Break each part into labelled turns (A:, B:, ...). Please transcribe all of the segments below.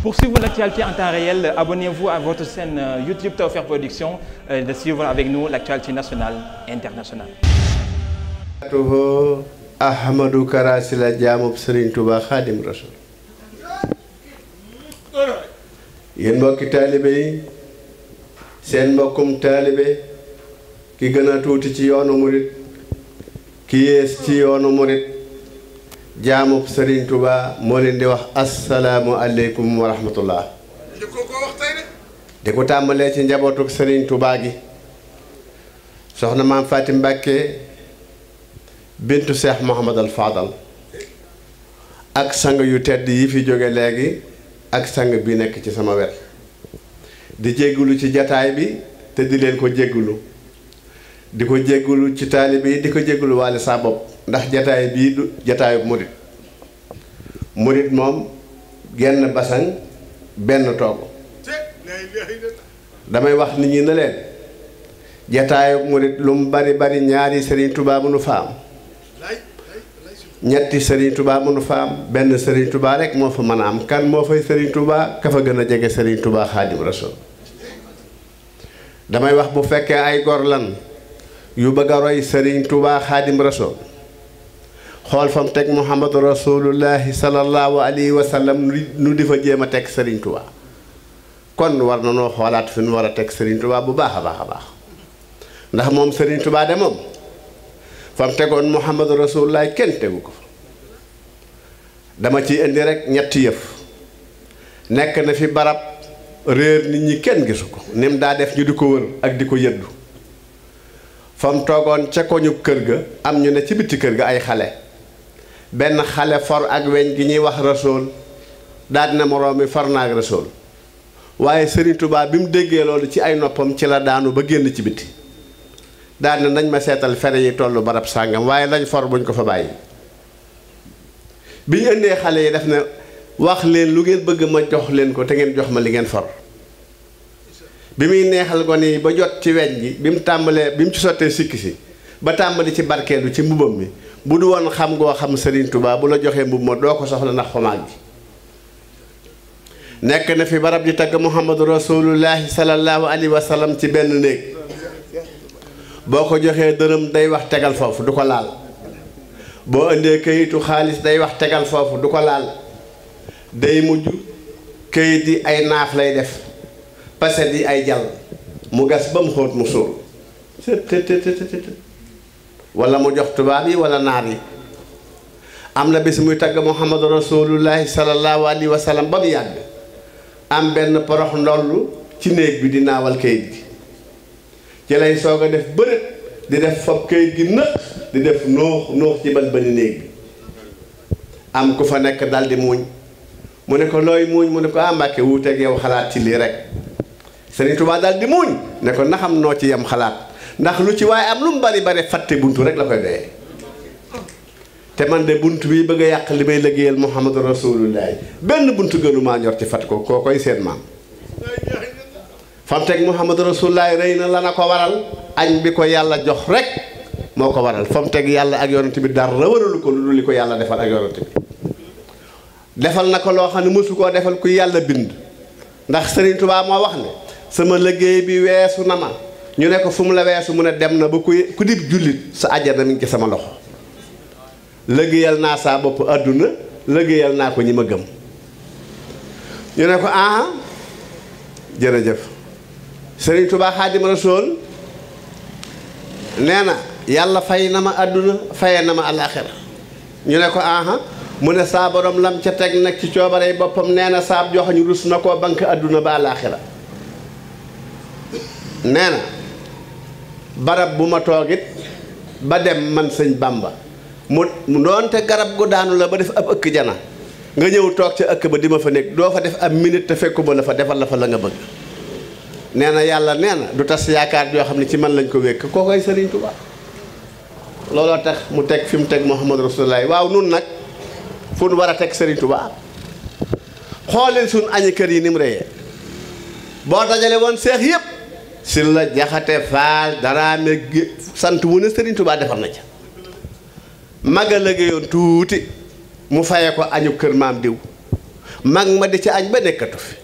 A: Pour suivre l'actualité en temps réel, abonnez-vous à votre chaîne euh, YouTube Tawfekh Production euh, et de suivre avec nous l'actualité nationale et internationale. Atuhu Ahmadou Kara jaamub Serigne Touba Khadim Rasoul. Yéen mbokki taalibe yi seen mbokkum taalibe ki gën tuuti ci yoonu murit ki yées ci yoonu murit jaamu sëriñ tubaa moo leen di wax asalaamualeykum wa rahmatullah di ko tàmbalee ci njabootuk sëriñ tubaa gi soxna maam Fatim Mbàkke bintu Seex Muhammadal Faadal ak sang yu tedd yi fi jóge léegi ak sang bi nekk ci sama wet di jéggulu ci jataay bi te di leen ko jéggulu di ko jéggulu ci taalibe yi di ko jéggulu waale saa bopp ndax jataay bii du murit murit moom genn basan benn togg damay wax nit ñi ne leen murit lu mu bari bari ñaari sëriñ tubaa mënu fa am ñetti sëriñ Tuubaa mënu faam benn sëriñ tubaa rekk moo fa mën a am kan moo fay sëriñ tubaa ka fa gën a jege sëriñ Tuubaa Xaadim Rasuul damay wax bu fekkee ay gor lan yu bëgg a roy sëriñ Tuubaa Xaadim Rasuul xool fam teg muhammadu rasulullahi sallallahu alayhi wa sallam nu di fa jéem a teg sëriñ Touba kon war na noo xoolaat fi nu war a teg Serigne Touba bu baax a baax a baax ndax moom Serigne Touba de moom mu tegoon muhammadu rasulullahi kenn tegu ko fa dama ci indi rek ñetti yëf nekk na fi barab réer nit ñi kenn gisu ko nim daa def ñu di ko wër ak di ko yëddu fam toogoon ca koñu kër ga am ñu ne ci bitti kër ga ay xale benn xale for ak weñ gi ñuy wax rasool daal dina moroom mi for naag rasool waaye sëriñ tubaab bi mu déggee loolu ci ay noppam ci la daanu ba génn ci biti daal na nañ ma seetal fere yi tollu barab sàngam waaye lañ for buñ ko fa bàyyi bi ñu indee xale yi def ne wax leen lu ngeen bëgg ma jox leen ko te ngeen jox ma li ngeen for bi muy neexal ko nii ba jot ci weñ gi bi mu tàmbalee bi mu ci sottee sikki si ba tàmbali ci barkeelu ci mbubam mi bu du woon xam ngoo xam Serigne Touba bu la joxee mbubb ma doo ko soxla ndax xomaag gi nekk na fi barab di tagg Muhammadu Rasulullahi sallallahu alayhi wa sallam ci benn néeg boo ko joxee dërëm day wax tegal foofu du ko laal boo indee kayitu xaalis day wax tegal foofu du ko laal day mujj kayit yi ay naaf lay def paset di ay jàll mu gas ba mu xóot mu suur wala mu jox tubaab yi walla naar yi am na bi bis muy tagg muhammadu rasulullahi sallallahu alayhi wa sallam ba mu yàgg am benn porox ndollu ci néeg bi di naawal kayit gi ci lay soog a def bërët di def fob kayit gi nëq di def nóox nóox ci ban néeg bi am ku fa nekk daldi muuñ mu ne ko looy muuñ mu ne ko ah Mbàkke wuuteeg xalaat ci lii rek Sëriñ Tuubaa daldi muuñ ne ko na noo ci yem xalaat ndax lu ci waaye am lu mu bari bari fàtte buntu rek la koy doyee te man de bunt bii bëgg a yàq li may liggéeyal Muhammadu Rasulullahi benn buntu gënu maa ñor ci fat ko koo koy seen maam fam teg Muhammadu Rasulullahi rey na la na ko waral añ bi ko yàlla jox rek moo ko waral fam teg yàlla ak yonent bi dara waralu ko lu li ko yàlla defal ak yonent bi defal na ko loo xam ne mësu koo defal ku yàlla bind ndax Sëriñ Tuubaa moo wax ne sama liggéey bi weesu na ñu ne ko fu mu la weesu mu ne dem na ba kuy ku dib jullit sa àjjana da ngi ci sama loxo liggéeyal naa saa bopp àdduna liggéeyal naa ko ñi ma gëm ñu ne ko a jërëjëf sëriñ Tuubaa Xaadimu Rasuul nee na yàlla fay na ma àdduna faye na ma alaaxira ñu ne ko aha mu ne saa borom lam ca teg nag ci coobarey boppam nee na saab jox ñu rus na koo bank àdduna ba alaaxira nee na barab bu ma toogit ba dem man sëñ Bamba mu mu doonte garab gu daanu la ba def ab ëkk jana nga ñëw toog ca ëkk ba di ma fa nekk doo fa def ab minute te fekkuma la fa defal la fa la nga bëgg nee na yàlla nee na du tas yaakaar yoo xam ne ci man lañ ko wékk koo koy sëriñ Tuubaa looloo tax mu teg fi mu teg Muhammadu Rasulullah waaw nun nag fu nu war a teg sëriñ Tuubaa xooleen suñ añi kër yi ni mu reyee boo dajale woon seex yëpp si la jaxate faal daraame sant wu ne Serigne Touba defar na ca mag a liggéeyoon tuuti mu faye ko añu kër maam diw mag ma di ci añ ba nekkatu fi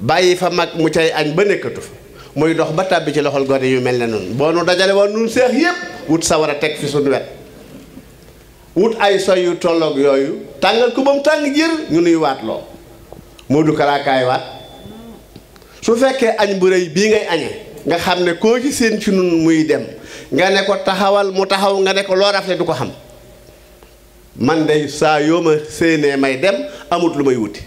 A: bàyyi fa mag mu cay añ ba nekkatu fi muy dox ba tàbbi ci loxol gone yu mel ne noonu boo nu dajale woon nun seex yépp wut sawar a teg fi suñu wet wut ay soyu yu tolloog yooyu tàngal ko ba mu tàng jër ñu nuy waat loo moo du kalaakaay waat su fekkee añ bu rëy bii ngay añee nga xam ne koo ci seen ci nun muy dem nga ne ko taxawal mu taxaw nga ne ko loo rafet du ko xam man de saa yoo ma séenee may dem amut lu may wuti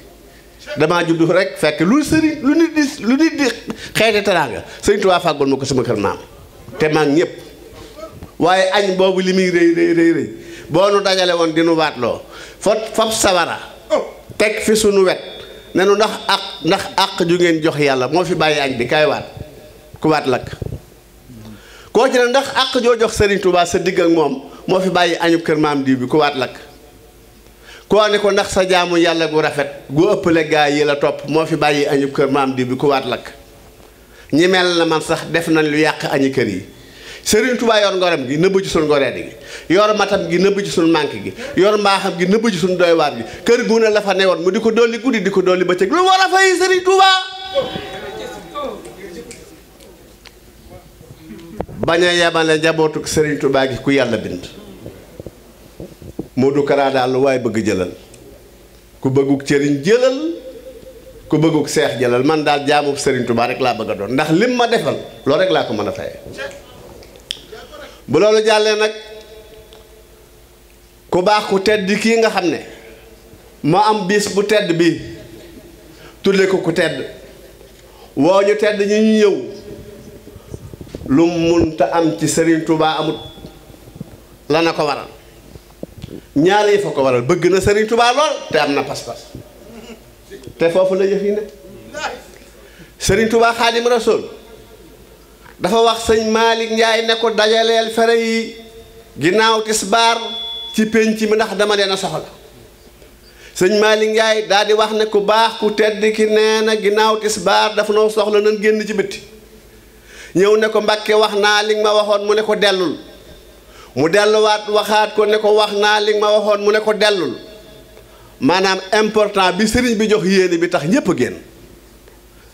A: damaa juddu rek fekk lu sëriñ lu nit di lu nit di xeeti teraanga sëriñ fàggul ma ko sama kër maam te maag ñëpp waaye añ boobu li muy rëy rëy rëy boo nu dajale woon dinu waat loo fot fab sawara teg fi sunu wet ne nu ndax ak ndax ak ju ngeen jox yàlla moo fi bàyyi añ bi kaay waat kubaat lakk koo ci ne ndax àq joo jox sëriñ Touba sa digg ak moom moo fi bàyyi añub kër maam diw bi kubaat lakk koo ne ko ndax sa jaamu yàlla gu rafet gu ëppale gaa yi la topp moo fi bàyyi añub kër maam diw bi kubaat lakk ñi mel na man sax def nañ lu yàq añu kër yi Serigne Touba yor ngoram gi nëbbu ci suñ ngoreedi gi yor matam gi nëbb ci suñ manque gi yor mbaaxam gi nëbb ci suñ doywaat gi kër gu ne la fa woon mu di ko dolli guddi di ko dolli bëccëg lu bañ a yemale njabootu sëriñ Tuubaa gi ku yàlla bind Modou Kara daal lu waaye bëgg jëlal ku bëgguk sëriñ jëlal ku bëgguk seex jëlal man daal jaamu sëriñ Tuubaa rek laa bëgg a doon ndax lim ma defal loolu rek laa ko mën a fayee bu loolu jàllee nag ku baax ku tedd kii nga xam ne ma am bis bu tedd bi tudde ko ku tedd woo ñu tedd ñu ñëw lu munta am ci Serigne Touba amut la na ko waral ñaar yi fa ko waral bëgg na sëriñ Touba lool te am na pas-pas te foofu la yëf sëriñ ne Serigne Touba dafa wax sëñ Malick Ndiaye ne ko dajaleel fere yi ginnaaw tisbaar ci penc mi ndax dama leen a soxla sëñ Malick Ndiaye daal di wax ne ku baax ku tedd ki nee na ginnaaw tisbaar dafa noo soxla nan génn ci bitti ñëw ne ko Mbàkke wax naa li ma waxoon mu ne ko dellul mu delluwaat waxaat ko ne ko wax naa li ma waxoon mu ne ko dellul maanaam important bi sëriñ bi jox yéene bi tax ñépp a génn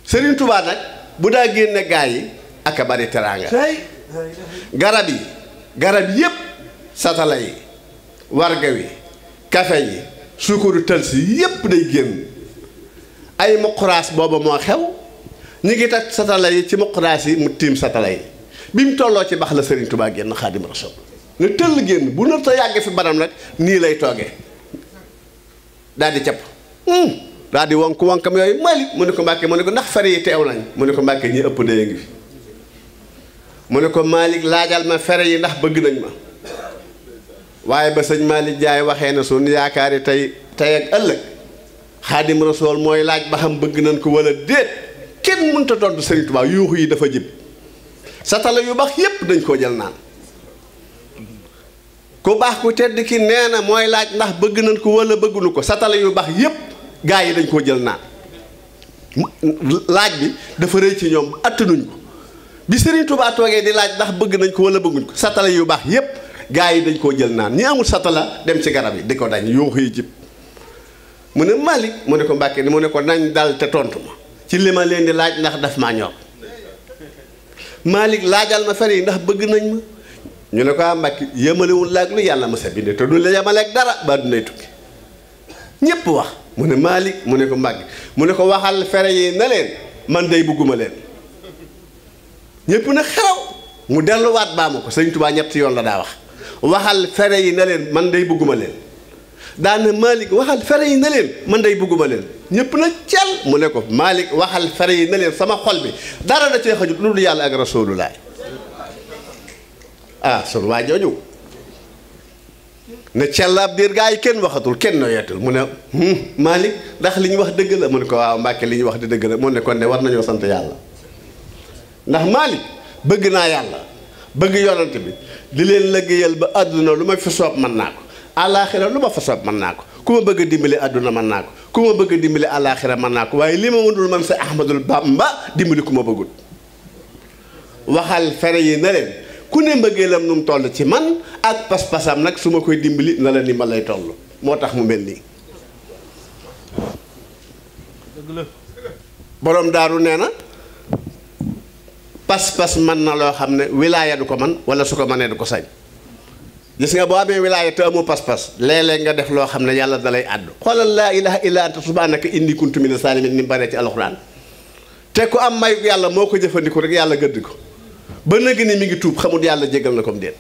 A: sëriñ Tuubaa nag bu daa génne gaa yi ak a bari teraanga garab yi garab yépp satala yi warga wi kafe yi suukaru tëlsi yépp day génn ay muquraas booba moo xew ñu ngi teg satala yi ci muquraas yi mu tiim satala yi bi mu tolloo ci bax la Serigne Touba génn xaadim rasul ne tëll génn bu nar ta yàgg fi banam rek nii lay toogee daal di capp hmm. daal di wonk wonkam yooyu mali mu ne ko mbàkke mu ne ko ndax fere yi teew nañ mu ne ko mbàkke ñi ëpp dee fi mu ne ko maalik laajal ma fere yi ndax bëgg nañ ma waaye ba sëñ Malick Jaay waxee na suñu yaakaar yi tey tey ak ëllëg xaadim rasool mooy laaj ba xam bëgg nañ ko wala déet kenn mënta tontu Serigne Touba yuuxu yi dafa jib satala yu baax yépp dañ koo jël naan ku baax ku tedd ki nee na mooy laaj ndax bëgg nañ ko wala bëggunu ko satala yu baax yépp gaa yi dañ koo jël naan laaj bi dafa rëy ci ñoom attanuñ ko bi Serigne Touba di laaj ndax bëgg nañ ko wala bëgguñ satala yu baax yépp gaa yi dañ koo jël naan ñi amul dem ci garab yi di ko dañ yuuxu yi jib mu ne Malick mu ne ko Mbàkke mu ne ko nañ dal te tontu ma ci li ma leen di laaj ndax daf maa ñor Malick laajal ma fen yi ndax bëgg nañ ma ñu ne ko ah Mbàkke yemalewul laaj lu yàlla ma sa bindee te du la yemaleeg dara ba du nay tukki ñépp wax mu ne Malick mu ne ko Mbàkke mu ne ko waxal fere yi na leen man day bugguma leen ñëpp na xaraw mu delluwaat baa ma ko sëñ Tuubaa ñetti yoon la daa wax waxal fere yi na leen man day bugguma leen. daana Malick waxal fere yi na leen man day bugguma leen ñëpp na cel mu ne ko Malick waxal fere yi na leen sama xol bi dara da cee xajut lu dul yàlla ak rasulullah ah sol waa jooju ne cell ab diir gaa yi kenn waxatul kenn noyeetul mu ne maalik hmm, ndax li ñu wax dëgg la mu ne ko waaw ah, Mbàkke li ñu wax di dëgg la mu ne kon de war nañoo sant yàlla ndax Malick bëgg naa yàlla bëgg yonante bi di leen lëggéeyal ba àdduna lu ma fi soob mën naa ko àllaaxira lu ma fa soob mën naa ko ku ma bëgg a dimbali àdduna man naa ko ku ma bëgg a dimbali àllaaxira mën naa ko waaye li ma mënul man sa Ahmadul Bamba dimbali ku ma bëggul waxal fere yi na ku ne mbëggeelam nu mu toll ci man ak pas-pasam nag su ma koy dimbali na la ni ma lay tollu moo tax mu mel nii boroom daaru nee na pas-pas man na loo xam ne wilaaya du ko man wala su ko manee du ko sañ gis nga boo amee wilaaya te amoo pas-pas léeg-léeg nga def loo xam ne yàlla da lay àddu xoolal laa ilaha illa anta subhanaka inni kuntu mina salimin ni mu baree ci alxuraan te ku am mayu yàlla moo ko jëfandiku rek yàlla gëdd ko ba nëgg ni mi ngi tuub xamut yàlla jégal na ko mu déet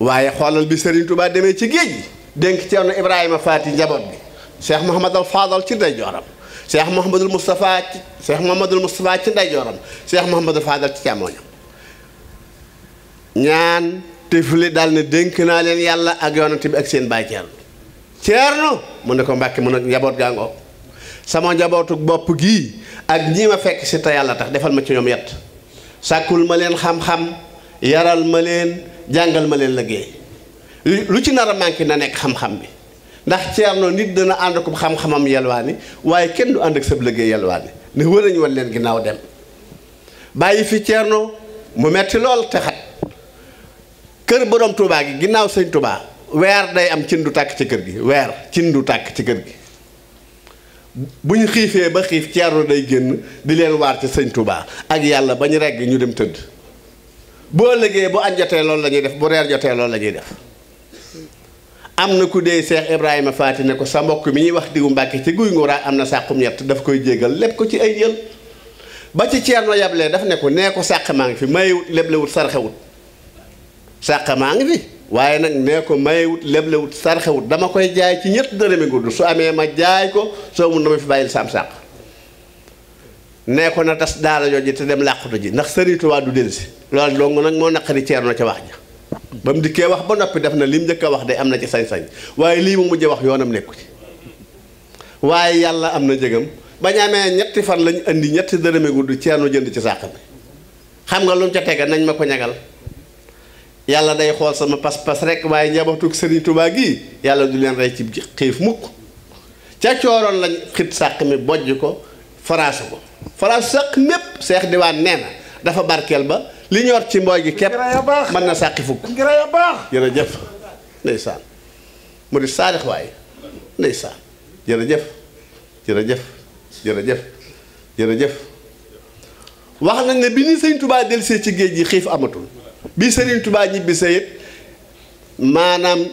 A: waaye xoolal bi Serigne baa demee ci géej gi dénk Ceerno Ibrahima Faati njaboot bi Cheikh Mouhamadul Fadal ci ndeyjooram seex Mouhamadul Moustapha ci Cheikh Mouhamadul Moustapha ci ndeyjooram Cheikh Mouhamadul Fadal ci càmmooñam ñaan tefule daal ne dénk naa leen yàlla ak yonante bi ak seen baay Ceerno Ceerno mu ne ko Mbàkke mu ne njaboot gaa ngoog sama njabootu bopp gii ak ñi ma fekk si te yàlla tax defal ma ci ñoom yett sàkkul ma leen xam-xam yaral ma leen jàngal ma leen liggéey lu ci nar a manqué na nekk xam-xam bi ndax Ceerno nit dana ànd ko xam-xamam yelwaani waaye kenn du ànd ak sab liggéey yelwaani ne wër nañu woon leen ginnaaw dem bàyyi fi Ceerno mu metti lool kër borom Touba gi ginnaaw sëñ tubaa weer day am cin du tàkk ci kër gi weer cin du tàkk ci kër gi bu ñu xiifee ba xiif ceerno day génn di leen waar ci sëñ Touba ak yàlla ba ñu regg ñu dem tëdd boo liggéey bu añ jotee loolu la ñuy def bu reer jotee lool la ñuy def am na ku dee seex Ibrahima Faati ne ko sa mbokk mi ñuy wax diwu Mbàkke ci guy nguraa am na sàqum ñett daf koy jégal lépp ko ci ay yël ba ci ceer ceerno yablee daf ne ko nee ko sàq maa ngi fi maywut leblewut sarxewut sàq maa ngi fi waaye nag nee ko mayewut leblewut sarxewut dama koy jaay ci ñett dërëmi gudd su amee ma jaay ko soo mun na ma fi bàyyil sam sàq nee ko na tas daara jooju te dem làqutu ji ndax Sëriñ Tuubaa du si loolu dong nag moo naqari ceerno ci wax ja ba mu dikkee wax ba noppi def na lim njëkk a wax de am na ci sañ-sañ waaye lii mu mujj wax yoonam nekku ci waaye yàlla am na njëgam bañ amee ñetti fan lañ indi ñett dërëmi gudd ceerno jënd ci sàq xam nga lu mu nañ ma ko ñagal yàlla day xool sama pas-pas rek waaye njabootuk Sëriñ Tuubaa gi yàlla du leen rey ci xiif mukk ca cooroon lañ xit sàq mi bojj ko faraas ko faraas sàq mépp seex diwaan nee na dafa barkeel ba li ñor ci mbooy gi képp mën na sàqi fukk jërëjëf ndeysaan mu di saadix waaye ndeysaan jërëjëf jërëjëf jërëjëf jërëjëf wax nañ ne bi ñu Sëriñ Tuubaa see ci géej gi xiif amatul bi Serigne tubaa ñibbi sa it maanaam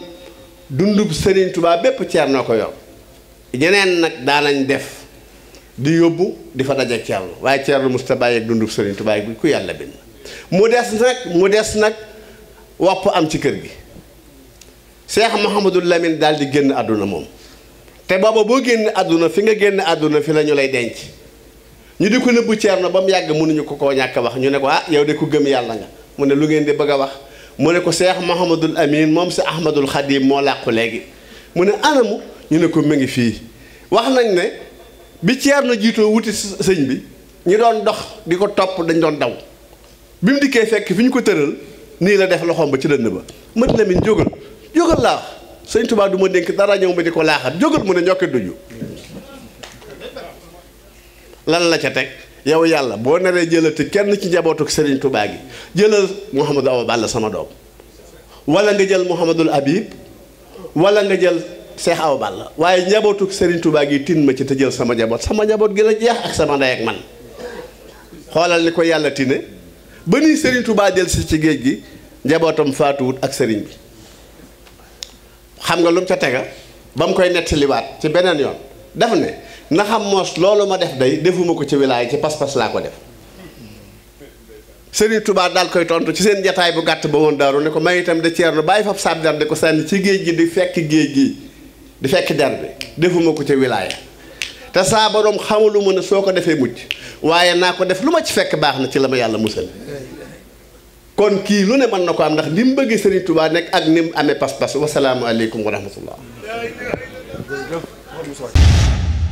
A: dundub Serigne tubaa bépp Ceerno ko yor ñeneen nag daanañ def di yóbbu di fa daje Ceerno waaye Ceerno musta bàyyi ak dundub Serigne Touba bi ku yàlla bind mu des nag mu des nag wopp am ci kër gi Cheikh Mouhamadul Lamine daal di génn àdduna moom te booba boo génn àdduna fi nga génn àdduna fi la ñu lay denc ñu di ko nëbbu Ceerno ba mu yàgg mënuñu ko koo ñàkk wax ñu ne ko ah yow de ku gëm yàlla nga mu ne lu ngeen di bëgg a wax mu ne ko seex Mouhamadul Amin moom si Ahmadul Xadim moo làqu léegi mu ne anamu ñu ne ko mu ngi fii wax nañ ne bi na jiitoo wuti sëñ bi ñu doon dox di ko topp dañ doon daw bi mu dikkee fekk fi ñu ko tëral nii la def loxoom ba ci dënn ba mët Lamin jógal jógal laa sëñ Tuubaa du ma dénk dara ñëw ma di ko laaxat jógal mu ne ñokki duñu lan la ca teg yow yàlla boo naree jëlati kenn ci njabootu Serigne Touba gi jëlal Mouhamadou Awa Balla sama doom wala nga jël Mouhamadul Habib walla nga jël Cheikh aw Balla waaye njabootu sëriñ Touba gi tin ma ci te jël sama njaboot sama njaboot gi la jeex ak sama ndey ak man xoolal ni ko yàlla tine ba nii Serigne tubaa jël si ci géej gi njabootam faatuwut ak sëriñ bi xam nga lu mu ca tega ba mu koy nettaliwaat ci beneen yoon daf ne. na xam moos loolu ma def day defuma ko ci wilaay ci pas-pas laa ko def Sëriñ Tuubaa daal koy tontu ci seen jataay bu gàtt ba woon daaru ne ko may itam de ceerno bàyyi fab sabdar di ko sànni ci géej gi di fekk géej gi di fekk der bi defuma ko ci wilaaya te saa borom lu ma ne soo ko defee mujj waaye naa ko def lu ma ci fekk baax na ci la ma yàlla musal kon kii lu ne mën na ko am ndax ni mu bëggee Sëriñ Tuubaa nekk ak ni mu amee pas-pas wasalaamualeykum wa rahmatullah